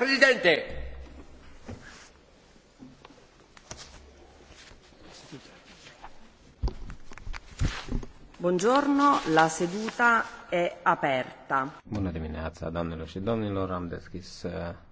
președinte! Buongiorno, la seduta e aperta. Bună dimineața, doamnelor și domnilor, am deschis uh,